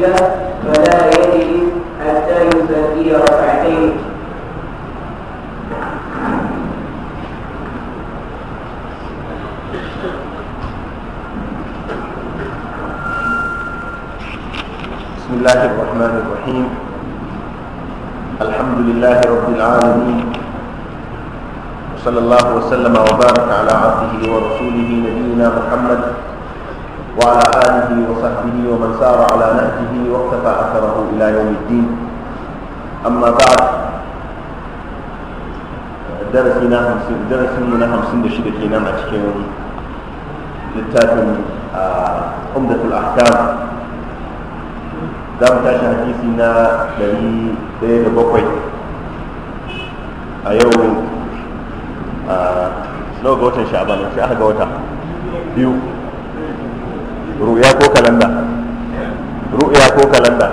الأخيرة فلا يجب حتى يصلي ركعتين بسم الله الرحمن الرحيم الحمد لله رب العالمين وصلى الله وسلم وبارك على عبده ورسوله نبينا محمد وعلى آله وصحبه ومن سار على نهجه واقتفى أثره إلى يوم الدين أما بعد درسنا همسين درسنا همسين دشيدة مع أتكين للتاتم عمدة الأحكام za mu حديثنا لدي na بوكوي أيو yau a nawa شعبان watan sha'aban shi aka ru'ya ko kalanda ru'ya ko kalanda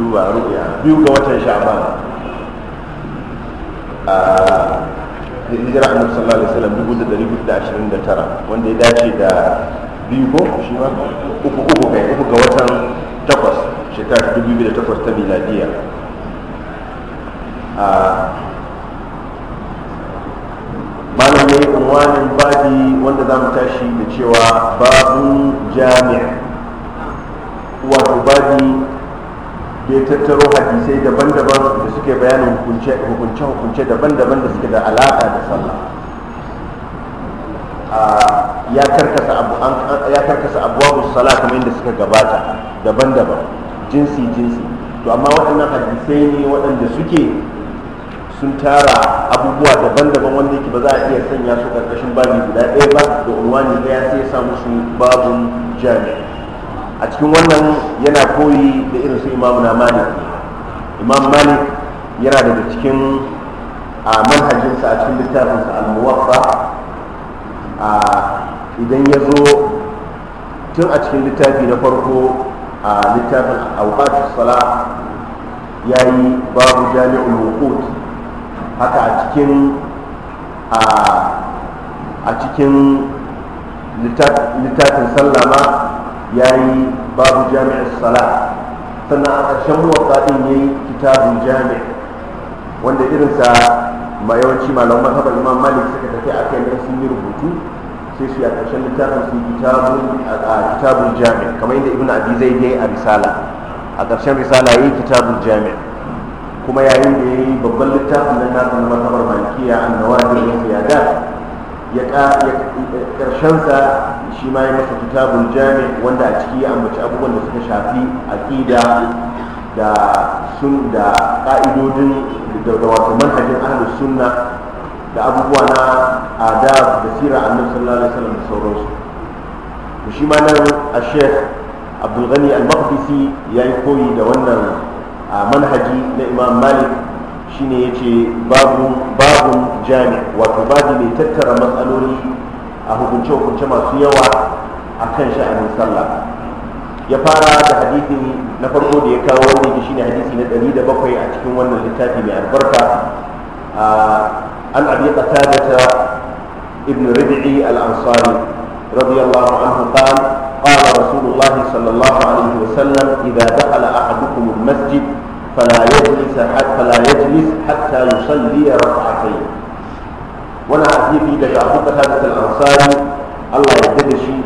duba ru'ya biyu ga watan sha'ban a hijira annabi sallallahu alaihi wasallam dubu da dari da ashirin da tara wanda ya dace da biyu ko shi ma uku uku kai uku ga watan takwas shekara dubu biyu da takwas ta miladiya unwanin babi wanda za mu tashi da cewa babu jami'a wato babi da ya tattaro hadisai daban-daban da suke bayanin hukunce-hukunce daban-daban da suke da alaƙa da sallah ya karkasa abubuwan sala kamar yadda suka gabata daban-daban jinsi-jinsi to amma waɗannan hadisai ne waɗanda suke sun tara abubuwa daban-daban wanda yake ba za a iya sanya su karkashin babi guda ɗaya ba da unwani ɗaya sai ya sa musu babun jami a cikin wannan yana koyi da irin su imamu na malik imam malik yana daga cikin a manhajinsa a cikin littafinsa al-muwaffa idan ya zo tun a cikin littafi na farko a littafin awqatus sala yi babu jami'ul wuqut haka a cikin littafin sallama ya yi babu jami'ar sala sannan a ƙarshen muwafaɗin ya yi kitabun jami'a, wanda irinsa ma yawanci malaman haɓar imam malik suka tafi a kai sun yi rubutu sai su yi a ƙarshen littafin su kitabun jami'a, kamar yadda ibn abi zai yi a risala a ƙarshen risala ya yi kitabun jami'a. kuma yayin da ya yi babban littafin nan nasa na masabar malikiya an da wajen yin da ya karshensa shi ma ya masa kitabun jami wanda a ciki ya ambaci abubuwan da suka shafi aƙida da sun da ƙa'idodin da wato manhajin ahlus sunna da abubuwa na adab da sira annabi sallallahu alaihi wasallam da sauransu shi ma nan a sheikh abdulghani al-maqdisi ya yi koyi da wannan a manhaji na imam malik shine ya ce babun jami wato babu mai tattara matsaloli a hukunce-hukunce masu yawa a kan sha'anin sallah ya fara da hadisi na farko da ya kawo wanda yake shine hadisi na 107 a cikin wannan littafi mai albarka an abi ta ibn rabi'i al-ansari radiyallahu anhu qala قال رسول الله صلى الله عليه وسلم إذا دخل أحدكم المسجد فلا يجلس حتى فلا يجلس حتى يصلي ركعتين وانا حديثي ده يعقوب هذا الانصاري الله يهديه شي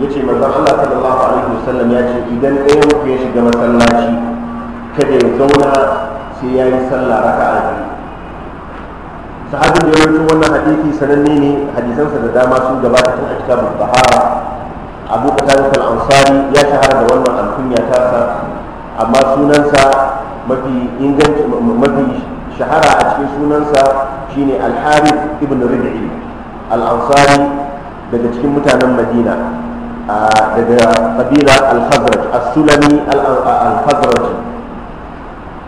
yace manzon Allah sallallahu alaihi wasallam ya ce idan ɗayan ku ya shiga masallaci kada zauna sai ya yi sallah raka'a sahabin da ya rubuta wannan hadisi sananne ne hadisansa da dama sun gabata cikin a kitabul bahara abu qatada ansari ya shahara da wannan alkunya tasa amma sunansa mafi inganci mafi shahara a cikin sunansa shine ne harith ibn rib'i al'ansari daga cikin mutanen madina daga kabila al-khazraj as-sulami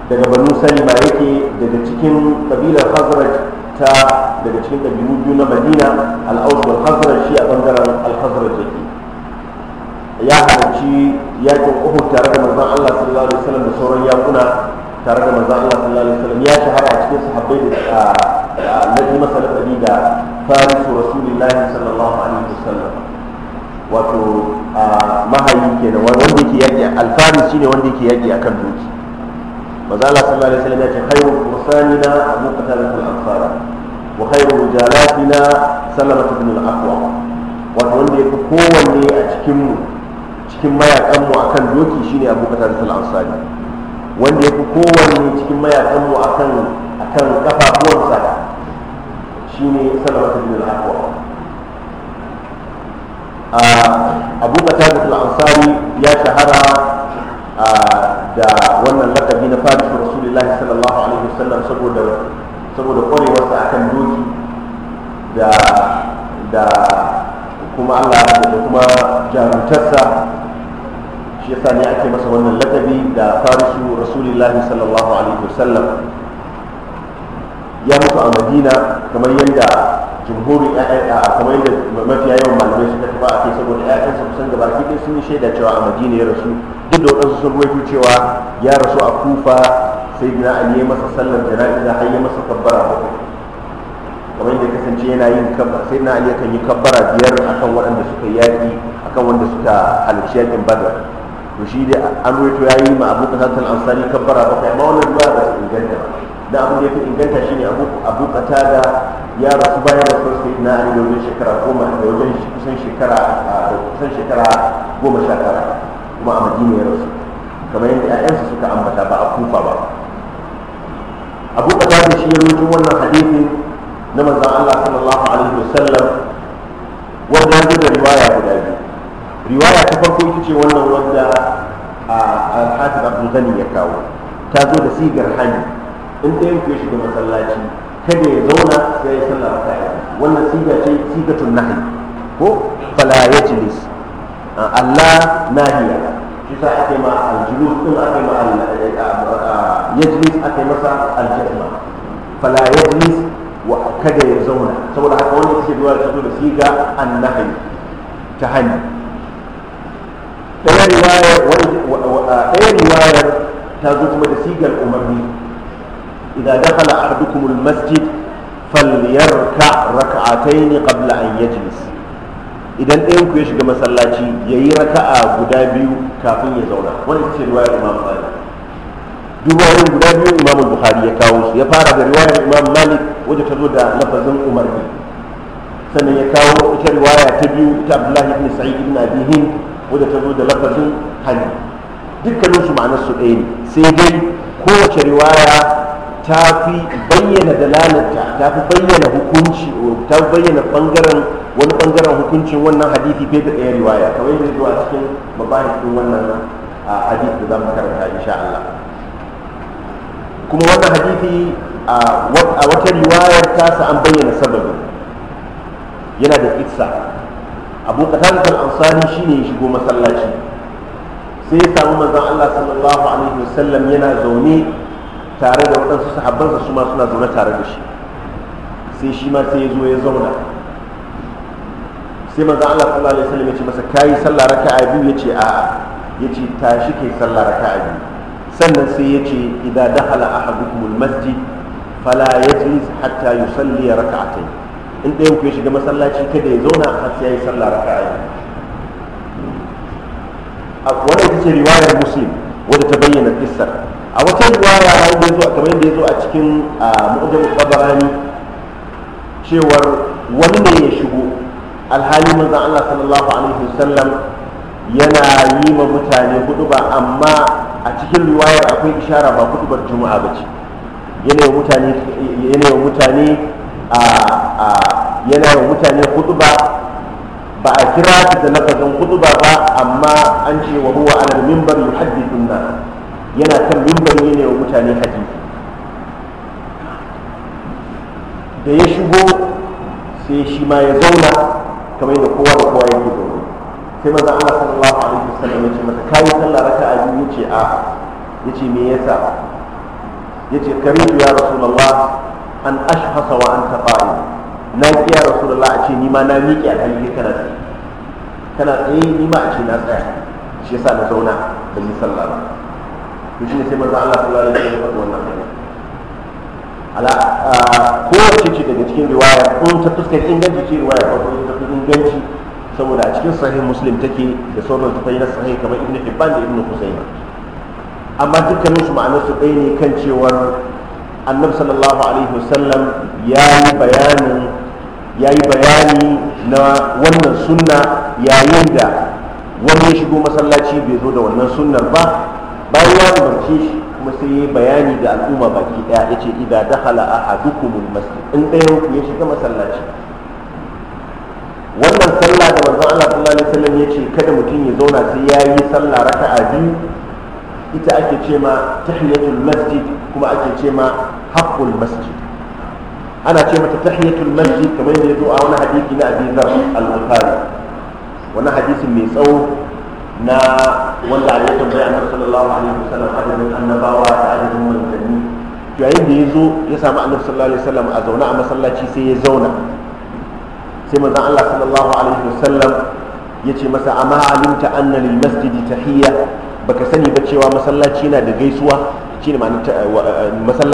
daga banu salima yake daga cikin kabila khazraj ta daga cikin kabilu biyu na madina al-aus shi a bangaren al-khazraj yake ya halarci yakin uhud tare da manzon Allah sallallahu alaihi wasallam da sauran yakuna tare da manzon Allah sallallahu alaihi wasallam ya shahara a cikin sahabbai da annabi masa ladabi da farisu rasulullahi sallallahu alaihi wasallam wato mahayi kenan wanda yake yaki alfaris shine wanda yake yaki akan doki manzon Allah sallallahu alaihi wasallam ya ce khairu fursanina abu qatadatul ansara wa khairu rijalatina salamatu ibn al-aqwa wato wanda yake kowanne a cikin mu cikin mayakanmu kan doki shine abu bakar ansari wanda ya fi kowanne cikin mayakanmu akan akan kafafuwansa shine salamatu bin al-aqwa abu bakar da ansari ya shahara da wannan lakabi na fadishin rasulullahi sallallahu alaihi wasallam saboda saboda kwarewarsa akan doki da da kuma Allah da kuma jarumtarsa shi yasa ne ake masa wannan lakabi da farisu rasulullahi sallallahu alaihi wasallam ya mutu a madina kamar yadda jumhurin kamar yadda mafi yawan malamai suka tafi a kai saboda ƴaƴansa kusan gaba kiɗin sun yi shaida cewa a madina ya rasu duk da waɗansu sun ruwaito cewa ya rasu a kufa sai na a ya masa sallar jana'iza har ya masa kabbara bakwai kamar yadda kasance yana yin kabbara sai na ali kan yi kabbara biyar akan waɗanda suka yaƙi akan wanda suka halarci yaƙin badar to shi dai an ruwaito ya yi ma abu qatada al-ansari kabbara kai amma wannan ruwa ba su inganta ba da abu da ya fi inganta shi ne abu da ya rasu bayan da sosai na ali da wajen shekara goma da wajen kusan shekara kusan shekara goma sha tara kuma a madina ya rasu kamar yadda 'ya'yansa suka ambata ba a kufa ba abu qatada shi ya ruwaito wannan hadisin na manzon Allah sallallahu alaihi wasallam wanda ya da riwaya guda biyu riwaya ta farko ita ce wannan wanda al-hafiz abu zani ya kawo ta zo da sigar hani in ɗayan ku ya shiga masallaci kada ya zauna sai ya sallah raka'a wannan siga ce na nahi ko fala yajlis Allah nahiya shi sa ake ma aljulus din ake ma jilis ake masa aljazma fala jilis wa kada ya zauna saboda haka wannan ita ce riwaya ta zo da siga an nahi ta hani ɗaya riwayar ta zo kuma da sigar umarni idza dakhala ahadukum almasjid falyarka rak'atayn qabla an yajlis idan ɗayan ku ya shiga masallaci yayi raka'a guda biyu kafin ya zauna wannan ce riwayar imam malik riwayoyin guda biyu imam bukhari ya kawo su ya fara da riwayar imam malik wajen ta zo da lafazin umarni sannan ya kawo ita riwaya ta biyu ta abdullahi ibn sa'id ibn abi hind ta zo da lafazin hani dukkanin su ma'anar su ɗaya ne sai dai kowace riwaya ta fi bayyana dalalarta ta fi bayyana hukunci ta bayyana bangaren wani bangaren hukuncin wannan hadithi fiye da ɗaya riwaya Kawai yadda zuwa cikin mabahisin wannan hadith da za mu karanta insha Allah kuma wannan hadithi a wata riwayar tasa an bayyana sababi yana da itsa abu qatada al-ansari shine ya shigo masallaci sai ya samu manzon Allah sallallahu alaihi wasallam yana zaune tare da waɗansu sahabbansa su ma suna zaune tare da shi sai shi ma sai ya zo ya zauna sai manzon Allah sallallahu alaihi wasallam ya ce masa kayi sallah raka'a biyu ya ce a'a ya ce tashi kai sallah raka'a biyu sannan sai ya ce idza dakhala ahadukumul masjid fala yajlis hatta yusalli raka'atayn in ɗayan ku ya shiga masallaci kada ya zauna har sai ya yi sallah raka'a biyu wannan ita ce riwayar muslim wadda ta bayyana kissar a wata riwaya wanda yazo kamar yadda yazo a cikin mu'jam tabarani cewar wani ne ya shigo alhali manzon Allah sallallahu alaihi wasallam yana yi ma mutane ba amma a cikin riwayar akwai ishara ba ba juma'a ba ce yana mutane yana mutane a yana ba a kira ta da lafazin kutuba ba ba, amma an ce wa huwa ala mimbar haddi nas yana kan mimbari ne wa mutane hadisi da ya shigo sai shi ma ya zauna kamar da kowa da kowa yake zaune sai maza Allah sallallahu alaihi wasallam ya ce masa kai sallah raka'a biyu yace a yace me yasa yace karitu ya rasulullah an ashhasa wa anta qa'im na tsaya rasulullah a ce ni ma na miƙe alhali kana tsaye kana tsaye ni ma a ce na tsaya shi yasa na zauna da yi sallah ba to ne sai manzo Allah sallallahu alaihi wasallam ya faɗi wannan hadisi ala kowace ce daga cikin riwaya ko ta fuskar inganci ce riwaya ko ta fi inganci saboda a cikin sahih muslim take da sauran ta fayyana sahih kamar ibnu hibban da ibnu husayn amma dukkanin su ma'anar su ɗaya ne kan cewar annabi sallallahu alaihi wasallam ya yi bayanin ya yi bayani na wannan sunna yayin da wani ya shigo masallaci bai zo da wannan sunnar ba bayan ya umarce shi kuma sai ya yi bayani da al'umma baki daya ya ce idan a ahadukumul masjid in ɗaya ku ya shiga masallaci wannan sallah da manzon Allah sallallahu alaihi wasallam ya ce kada mutum ya zauna sai ya yi sallah raka'a biyu ita ake ce ma tahiyatul masjid kuma ake ce ma haqqul masjid ana ce mata tahiyatul masjid kamar yadda ya zo a wani hadisi na Abi Dharr al-Bukhari wani hadisi mai tsawo na wanda ya tambaya annabi sallallahu alaihi wasallam adadin annabawa da adadin manzanni to yayin da ya zo ya samu annabi sallallahu alaihi wasallam a zauna a masallaci sai ya zauna sai manzon Allah sallallahu alaihi wasallam ya ce masa amma alimta anna lil masjidi tahiyya baka sani ba cewa masallaci na da gaisuwa shine ma'anar masallaci